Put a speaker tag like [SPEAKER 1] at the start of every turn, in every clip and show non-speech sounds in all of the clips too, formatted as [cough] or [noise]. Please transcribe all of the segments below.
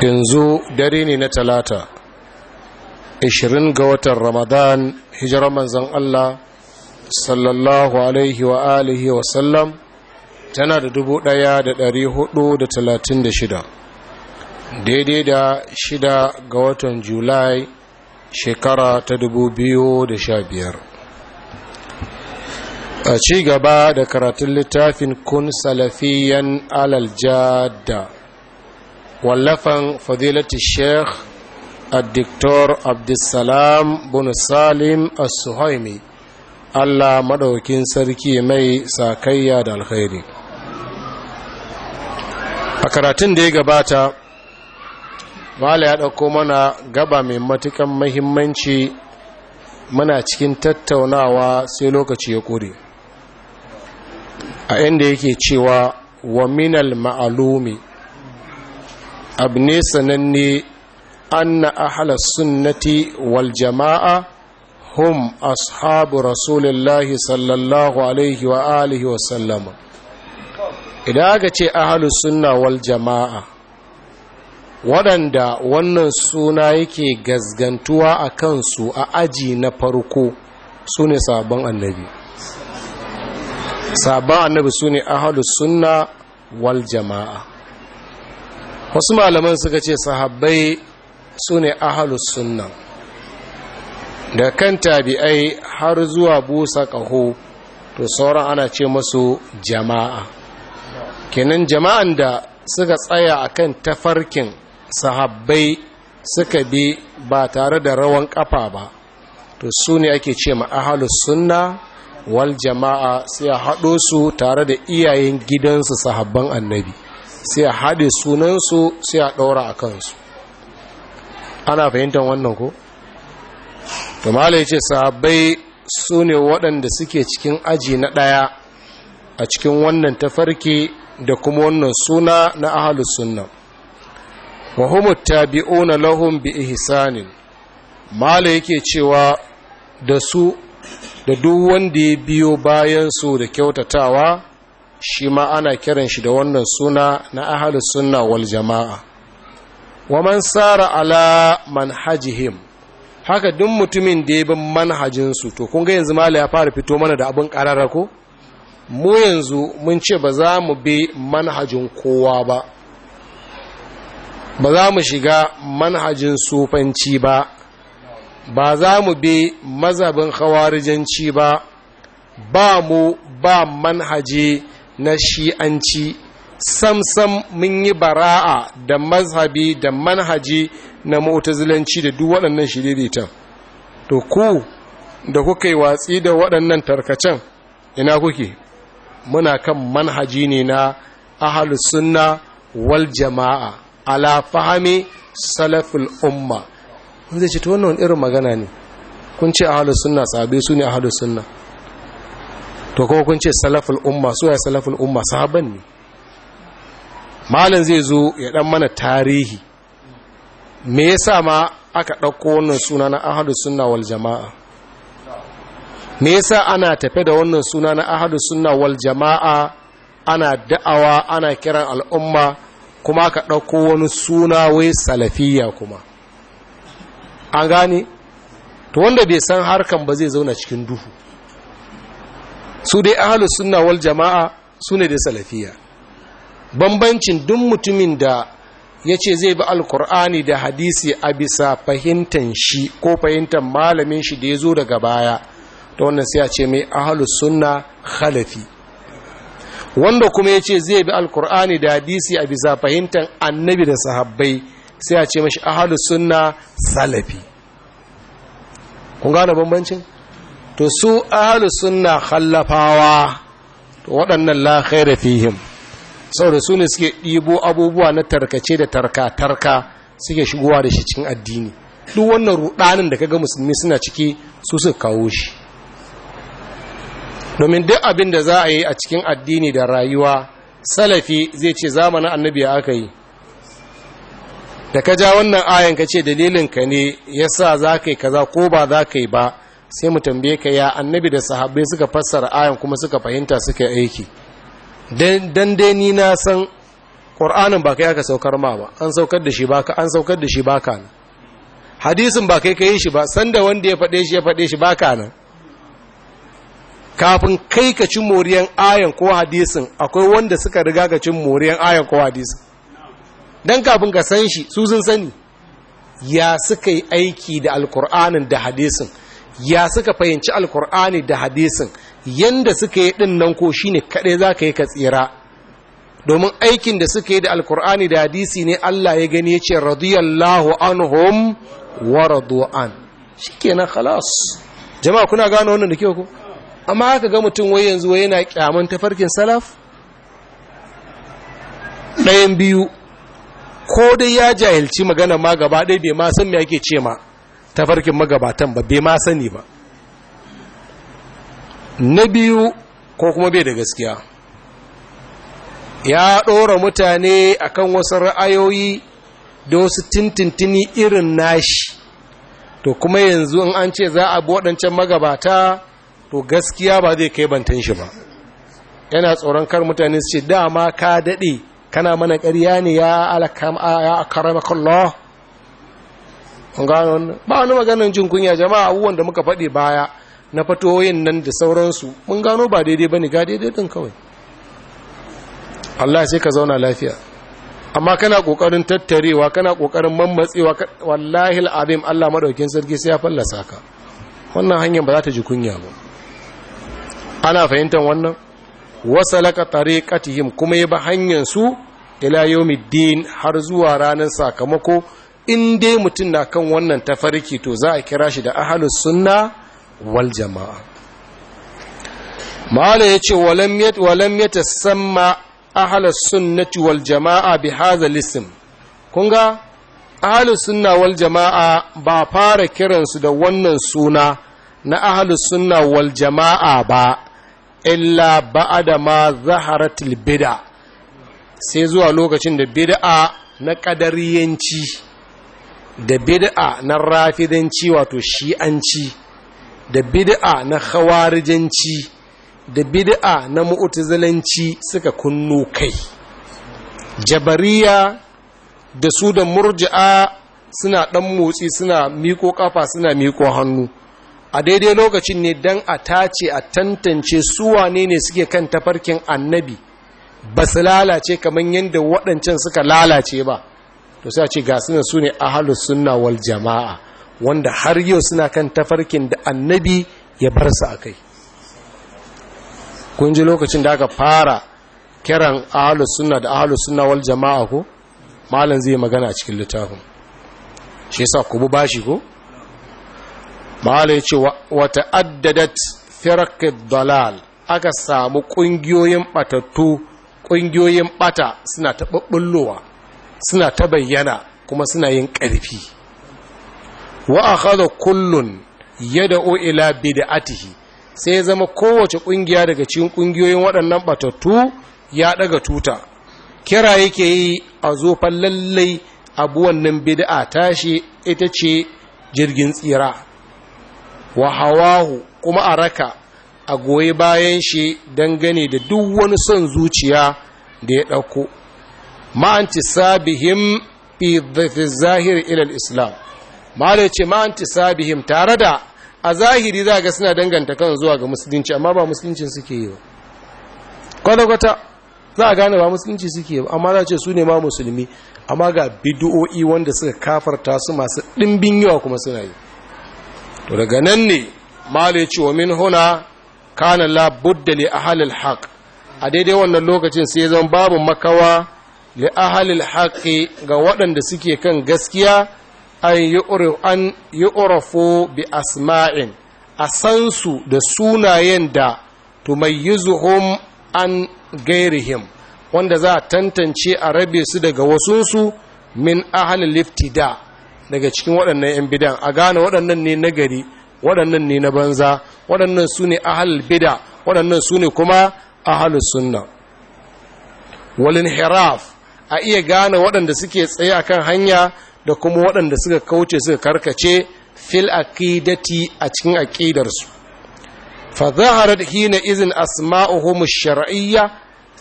[SPEAKER 1] yanzu dare ne na talata 20 ga watan ramadan hijirar manzan Allah sallallahu alaihi wa alihi wa sallam tana da da talatin shida, daidai da shida ga watan julai shekara ta dubu biyu da sha biyar. a ci gaba da karatun littafin kun salafiyan alaljada wallafan fadilati sheikh addiktor abdulsalam bin salim as-suhaimi allah maɗaukin sarki mai sakayya da alkhairi a karatun da ya gabata mala ya ɗauko mana gaba mai matukan mahimmanci muna cikin tattaunawa sai lokaci ya ƙure a inda yake cewa wa minal ma'alumi abu ne sananne anna ahla sunnati wal jama'a hum ashabu rasulullahi sallallahu alaihi wa alihi wa sallama idan aka ce ahlu sunna wal jama'a waɗanda wannan suna yake gazgantuwa a kansu a aji na farko su ne sabon annabi sabon annabi su ne ahlu sunna wal jama'a wasu malaman suka ce sahabbai su ne ahalus sunna da kan tabi'ai har zuwa busa ƙaho to sauran ana ce masu jama'a kenan jama'an da suka tsaya a kan tafarkin sahabbai suka bi ba tare da rawan ƙafa ba to su ne ake ce ma ahalus sunna wal jama'a sai a haɗo su tare da iyayen gidansu sahabban annabi sai a haɗe sunansu sai a ɗaura a kansu ana fahimtar wannan ko? tumala ce sahabbai su ne waɗanda suke cikin aji na ɗaya a cikin wannan tafarki da kuma wannan suna na ahalus sunna ta humu tabi'una lahun bi ihsanin mala yake cewa da su da duk wanda ya biyo bayansu da kyautatawa shi ma ana kiran shi da wannan suna na ahalus sunna wal jama'a wa man sara ala manhajihim haka duk mutumin da ya manhajin manhajinsu to kun ga yanzu mala ya fara fito mana da abin karara mu yanzu mun ce ba za mu bi manhajin kowa ba ba za mu shiga manhajin sufanci ba ba za mu bi mazabin khawarijanci ba ba mu ba manhaji na shi'anci samsam mun yi bara'a da mazhabi da manhaji na mu'tazilanci da duk waɗannan shiririta to ku da kuka yi watsi da waɗannan tarkacen ina kuke muna kan manhaji ne na ahlus sunna wal jama'a ala fahami salaful umma wanda ce to wannan irin magana ne kun ce ahlus sunna sabe su ne ahlus sunna to kuma kun ce salaful umma su ya salaful umma sahaban ne malam zai zo ya dan mana tarihi me yasa ma aka ɗauko wannan suna na ahadu sunna wal jama'a me yasa ana tafe da wannan suna na ahadu sunna wal jama'a ana da'awa ana kiran al'umma kuma aka ɗauko wani suna wai salafiya kuma an gane to wanda bai san harkan ba zai zauna cikin duhu su dai ahalus sunna wal jama'a su ne da salafiya bambancin duk mutumin da ya ce zai bi alkur'ani da hadisi a bisa fahimtan shi ko fahimtan malamin shi da ya zo daga baya ta wannan sai a ce mai ahalus sunna khalafi wanda kuma ya ce zai bi alkur'ani da hadisi a bisa fahimtan annabi da sahabbai sai a ce mashi ahalus sunna salafi kun gane bambancin to su ahalus sunna khallafawa waɗannan la khaira fihim saboda su ne suke ɗibo abubuwa na tarkace da tarka tarka suke shigowa da shi cikin addini duk wannan rudanin da kaga musulmi suna ciki su su kawo shi domin duk abin da za a yi a cikin addini da rayuwa salafi zai ce zamanin annabi aka yi da ka ja wannan ayan ka ce dalilinka ne ya sa za ka yi kaza ko ba za ka yi ba sai mu tambaye ka ya annabi da sahabbai suka fassara ayan kuma suka fahimta suka aiki dan dai ni na san qur'anin ba kai aka saukar ma ba an saukar da shi baka an saukar da shi baka nan hadisin ba kai kai shi ba sanda wanda ya fade shi ya fade shi baka nan kafin kai ka cin moriyan ayan ko hadisin akwai wanda suka riga ka cin moriyan ayan ko hadisin dan kafin ka san shi su sun sani ya suka yi aiki da alkur'anin da hadisin ya suka fahimci alkur'ani da hadisin yanda suka yi din nan ko shine kaɗai za ka yi ka tsira domin aikin da suka yi da alkur'ani da hadisi ne Allah ya gani ya ce radiyallahu anhum wa radu'an shikenan khalas jama'a kuna gano wannan da kyau ko amma haka ga mutum wai yanzu wai yana kyaman tafarkin salaf ɗayan biyu ko dai ya jahilci magana ma gaba ɗaya bai ma san me ake ce ma tafarkin magabatan ba bai ma sani ba na biyu ko kuma bai da gaskiya ya ɗora mutane akan wasu ra'ayoyi da wasu tintintini irin nashi to kuma yanzu in an ce za a bi waɗancan magabata to gaskiya ba zai kai bantan shi ba yana tsoron kar mutane su ce dama ka daɗe kana mana ƙarya ne ya alakam ya gano wannan ba wani maganin jin kunya jama'a abubuwan da muka faɗi baya na fatoyin nan da sauransu mun gano ba daidai ba ne ga daidai ɗin kawai Allah sai ka zauna lafiya amma kana ƙoƙarin tattarewa kana ƙoƙarin mammatsewa wallahi al'adun Allah maɗaukin sarki sai ya fallasa ka wannan hanyar ba za ta ji kunya ba ana fahimtar wannan wasalaka tariqatihim kuma ya ba hanyar su ila yawmiddin har zuwa ranar sakamako in dai mutum na kan wannan tafarki to za a kira shi da ahalus sunna wal jama'a ma'ala ya ce walam ya tasamma ahalus sunnati wal jama'a bi haza lisim kun ahalus sunna wal jama'a ba fara kiransu da wannan suna na ahalus sunna wal jama'a ba illa ba'ada ma zaharatil bid'a sai zuwa lokacin da bid'a na yanci. da bid'a na rafidanci wato shi'anci da bid'a na khawarijanci da bid'a na mu'tazilanci suka kunno kai jabariya da su da murji'a suna dan motsi suna miko kafa suna miko hannu a daidai lokacin ne dan a tace a tantance su wane ne suke kan tafarkin annabi ba su lalace kamar yadda waɗancan suka lalace ba to sai a ce ga sunan su ne ahalus sunna wal jama'a wanda har yau suna kan tafarkin da annabi ya bar su akai kun ji lokacin da aka fara kiran ahalus sunna da ahalus sunna wal jama'a ko malam zai magana a cikin littafin shi yasa ku bu bashi ko malam ya ce wa ta'addadat firqid dalal aka samu kungiyoyin batattu kungiyoyin bata suna taɓaɓɓullowa suna ta bayyana kuma suna yin ƙarfi wa akhadha kullun yad'u ila bid'atihi sai ya zama kowace ƙungiya daga cikin ƙungiyoyin waɗannan batattu ya ɗaga tuta kira yake yi a zofan lallai abu wannan bid'a tashi ita ce jirgin tsira wa hawahu kuma a raka a goyi bayan shi dangane da duk wani son zuciya da ya ɗauko ma'anti sabihim fi zahiri ilal islam ma'ala ya ce sabihim tare da a zahiri za ga suna danganta kan zuwa ga musulunci amma ba musuluncin suke yi ba kwata-kwata za a gane ba musulunci suke ba amma za ce su ne ma musulmi amma ga bidu'o'i wanda suka kafarta su masu ɗimbin yawa kuma suna yi to daga nan ne mali ce wa min huna kana la budda a ahlil haq a daidai wannan lokacin sai zan babu makawa li ahalil haqqi ga waɗanda suke kan gaskiya an yu'rafu bi asma'in a san da sunayen da tumayyizuhum an gairihim wanda za a tantance a rabe su daga wasunsu min ahalil liftida daga cikin waɗannan 'yan bidan a gane waɗannan ne na gari waɗannan ne na banza waɗannan su ne ahalil bida waɗannan su ne kuma ahal sunna walin hiraf a iya gane waɗanda suke tsaye a kan hanya da kuma waɗanda suka kauce suka karkace fil aƙidati a cikin aqidarsu fa zaharat hina izin asma'uhum mu shariyya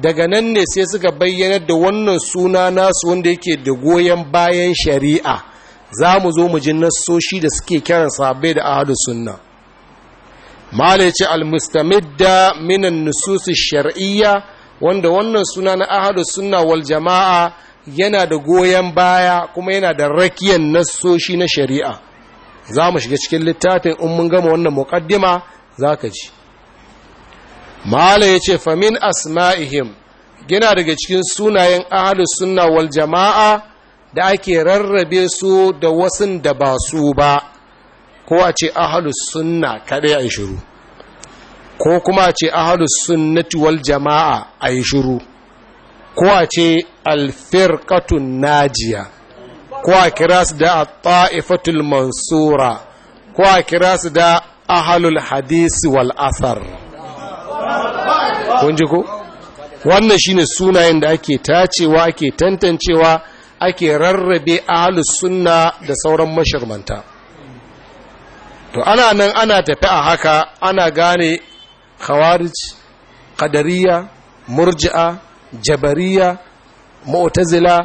[SPEAKER 1] daga nan ne sai suka bayyanar da wannan suna nasu wanda yake da goyen bayan shari'a za mu zo mu ji nassoshi da suke kiran sabe da ahlus sunna mala ce al-mustamidda minan an shariyya wanda wannan suna na Ahadu suna wal jama'a yana da goyon baya kuma yana da rakiyar nasoshi na shari'a za mu shiga cikin littafin in mun gama wannan mukaddima za ka ji mala ya ce famin asma'ihim gina daga cikin sunayen Ahadu suna wal jama'a da ake rarrabe su da wasun da ba su ba ko a ce ahalus sunna kaɗai a shiru ko kuma ce ahalus sunnati wal jama'a a yi shuru ko a ce alfirkatun najiya ko a kira su da ta'ifatul mansura ko a kira su da ahalul hadisi wal asar kun ji ko wannan shine sunayen da ake tacewa ake tantancewa ake rarrabe ahalus sunna da sauran mashirmanta to ana nan ana tafi a haka ana gane khawarij qadariya murji'a jabariya mu'tazila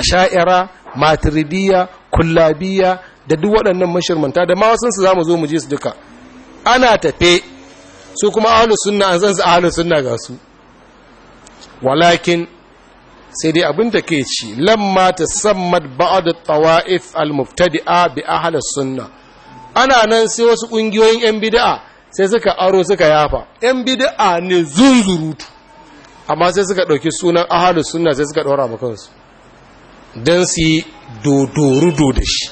[SPEAKER 1] asha'ira maturidiya kullabiya da duk waɗannan mashirmanta da ma su za mu zo mu ji su duka ana tafe su kuma ahlus sunna an san su ahlus sunna ga su walakin sai dai abin da ke ci lamma ta sammat ba'ad tawa'if al-mubtadi'a bi ahlus sunna ana nan sai wasu kungiyoyin yan bid'a sai suka aro suka yafa yan bid'a ne zunzurutu amma sai suka ɗauki sunan ahalus sunna sai suka ɗora makansu don su yi dodorudo da shi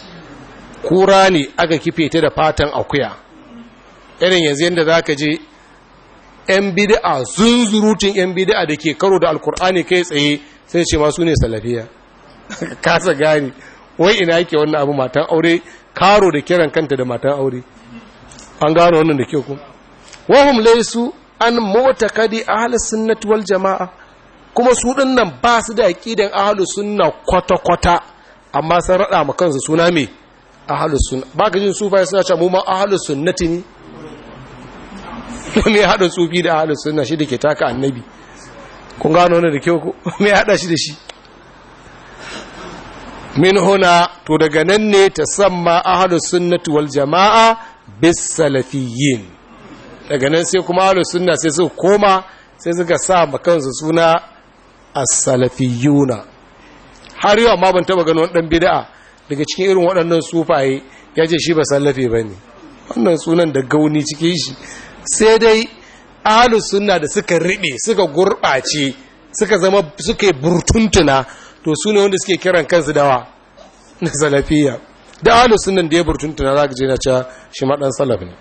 [SPEAKER 1] kura ne aka kife ta da fatan akuya irin yanzu yadda za ka je yan bid'a zunzurutun yan bid'a da ke karo da alkur'ani kai tsaye sai ce masu ne salafiya [laughs] kasa gani wai ina yake wannan abu matan aure karo da kiran kanta da matan aure an gano wannan da ke ku wahum laisu an mota kadi ahalus sunnati wal jama'a kuma su nan ba su da aqidan ahalus sunna kwata kwata amma sun rada ma kansu suna me ahalus sunna ba ka jin sufai suna cewa mu ma ahalus sunnati ne [laughs] me hadin sufi da ahalus sunna shi dake taka annabi kun gano wannan da ke ku [laughs] me hada shi da shi min huna to daga nan ne ta samma ahalus sunnati wal jama'a bisalafiyin daga nan sai kuma ahlus sunna sai su koma sai suka sa makansu suna a salafiyuna har yau amma ban taba ganin wani dan bid'a daga cikin irin waɗannan sufaye ya shi ba sallafe ba ne wannan sunan da gauni cikin shi sai dai ahlus sunna da suka riɓe suka gurɓace suka zama suka burtuntuna to sune wanda suke kiran kansu dawa na salafiya da ahlus sunnan da ya burtunta na zaka na cewa shi ma salaf ne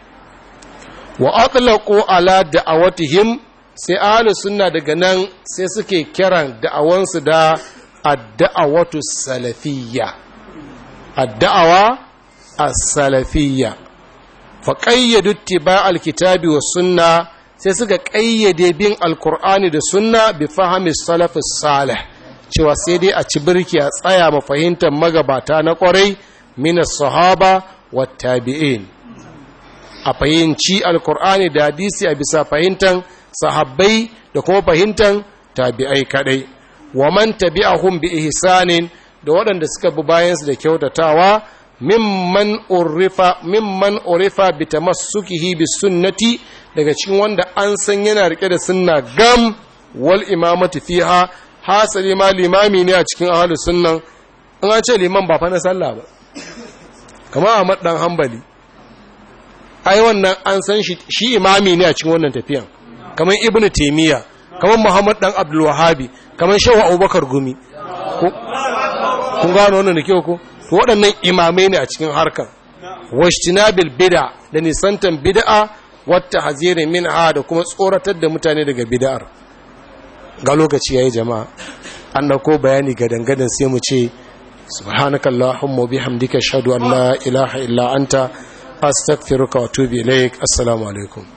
[SPEAKER 1] wa atlaqu ala da'awatihim sai ahlus sunna daga nan sai suke kiran da'awansu da ad-da'awatu salafiyya ad-da'awa as-salafiyya fa qayyadu ittiba' al-kitabi wa sunnah sai suka ƙayyade bin alkur'ani da sunna bi fahimi salafis salih cewa sai dai a ci birki a tsaya mafahimtar magabata na kwarai. min sahaba wa tabi'in a fahimci alkur'ani da hadisi a bisa fahimtan sahabbai da kuma fahimtan tabi'ai kadai wa man tabi'ahum bi ihsanin da waɗanda suka bi bayansu da kyautatawa mimman urifa mimman urifa bi tamassukihi sunnati daga cikin wanda an san yana rike da sunna gam wal imamati fiha hasali ma limami ne a cikin ahlus sunnan in an ce liman ba fa na sallah ba kama ahmad dan hambali ai wannan an san shi shi imami ne a cikin wannan tafiyan kamar ibnu taymiya kamar muhammad dan abdul wahabi kamar shehu abubakar gumi kun gano wannan da kyau ko to waɗannan imamai ne a cikin harkar washtinabil bid'a da nisantan bida'a wata hazire ha da kuma tsoratar da mutane daga bida'ar. ga lokaci ya yi jama'a an dauko bayani ga gadangadan sai mu ce subhanakallahumma bihamdika ashhadu an la ilaha illa anta astaghfiruka wa assalamu alaikum